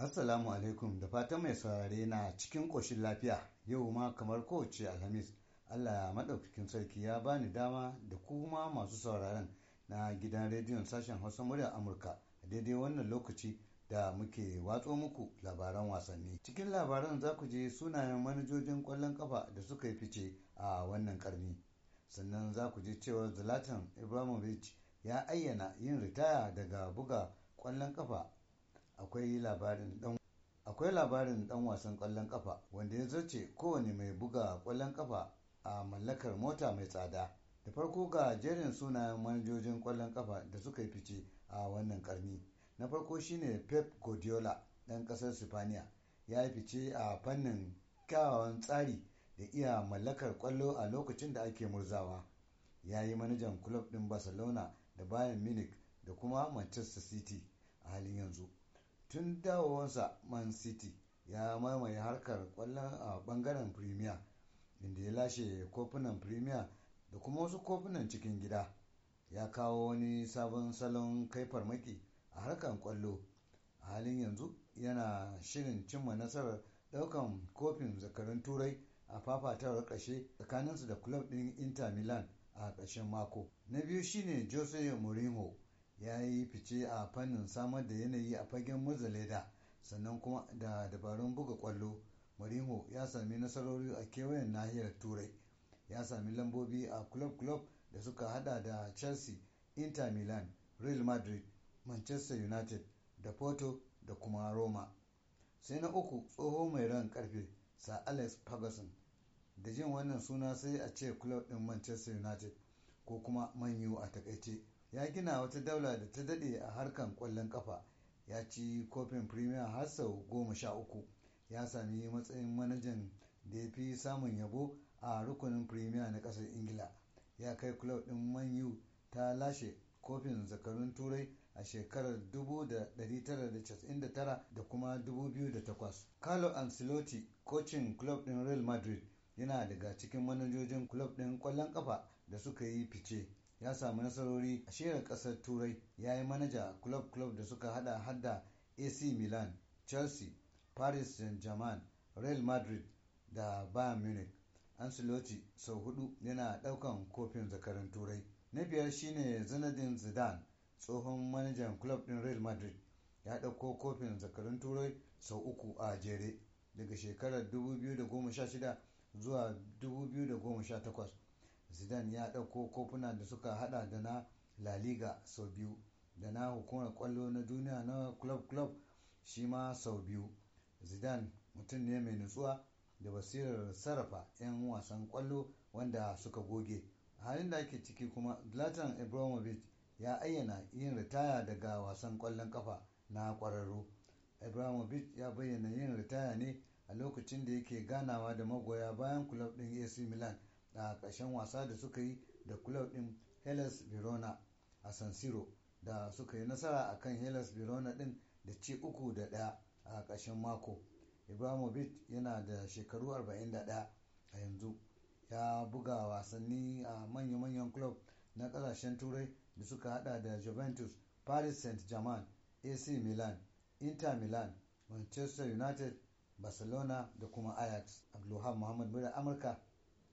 Assalamu alaikum da fatan mai saurare na cikin ƙoshin lafiya yau ma kamar kowace alhamis Allah maɗaukakin sarki ya bani dama da kuma masu sauraren na gidan rediyon sashen Hausa muryar Amurka a daidai wannan lokaci da muke watso muku labaran wasanni. Cikin labaran za ku je sunayen manajojin ƙwallon ƙafa da suka yi fice a wannan ƙarni. Sannan za ku je cewa Zlatan Ibrahimovic ya ayyana yin ritaya daga buga ƙwallon ƙafa akwai labarin dan wasan kwallon kafa wanda ya zarce kowane mai buga kwallon kafa a mallakar mota mai tsada da farko ga jerin sunayen manajojin kwallon kafa da suka yi fice a wannan karni na farko shine pep guardiola dan kasar sifaniya ya yi fice a fannin kyawawan tsari da iya mallakar kwallo a lokacin da ake murzawa ya yi manajan kulob din barcelona da bayan munich da kuma manchester city a halin yanzu tun dawowansa man city ya mamaye harkar kwallon a bangaren premier inda ya lashe kofunan premier da kuma wasu kofunan cikin gida ya kawo wani sabon salon kai farmaki a harkar kwallo a halin yanzu yana shirin cimma nasarar daukan kofin zakarun turai a fafatawar ƙashe tsakaninsa da club ɗin inter milan a ƙarshen mako na biyu shine jose mourinho ya yi fice a fannin samar da yanayi a fagen muzaleda sannan kuma da dabarun buga kwallo Mourinho ya sami nasarori a kewayen nahiyar turai ya sami lambobi a club-club da suka hada da chelsea inter milan real madrid manchester united da porto da kuma roma sai na uku tsoho mai ran karfe sir alex ferguson da jin wannan suna sai a ce club din manchester united ko kuma manyu a takaice ya gina wata daula da ta dade a harkan kwallon kafa, ya ci kofin premier har sau goma sha uku ya sami matsayin manajan da ya fi samun yabo a rukunin premier na ƙasar ingila ya kai kulob ɗin manyu ta lashe kofin zakarun turai a shekarar 1999 da kuma 2008 carlo ancelotti kocin kulob din real madrid yana daga cikin manajojin kulob din kwallon kafa da suka yi fice ya samu nasarori a shirin kasar turai ya yi manaja a club club da suka hada da ac milan chelsea paris saint-germain real madrid da bayern munich ancelotti sau hudu yana daukan kofin zakarin turai na biyar shine zinedine zidane tsohon manajan club din real madrid ya dauko kofin zakarin turai sau uku a jere daga shekarar 2016 zuwa 2018 zidane ya ɗauko kofuna da suka hada da na la liga sau biyu da na hukumar kwallo na duniya na club club shi ma sau biyu zidane mutum ne mai nutsuwa da basirar sarrafa 'yan wasan kwallo wanda suka goge a halin da ake ciki kuma zlatan ibrahimovic ya ayyana yin ritaya daga wasan kwallon kafa na kwararru ibrahimovic ya bayyana yin ritaya ne a lokacin da yake ganawa da magoya bayan kulob din ac milan a ƙarshen wasa da suka yi da kulob ɗin hellas verona a san siro da suka yi nasara a kan hellas verona ɗin da ci uku da ɗaya a ƙarshen mako ibrahimovic yana da shekaru 41 a yanzu ya buga wasanni a manya-manyan club na ƙasashen turai da suka hada da juventus paris saint-germain ac milan inter milan manchester united barcelona da kuma ajax abdulhamid muhammad mura amurka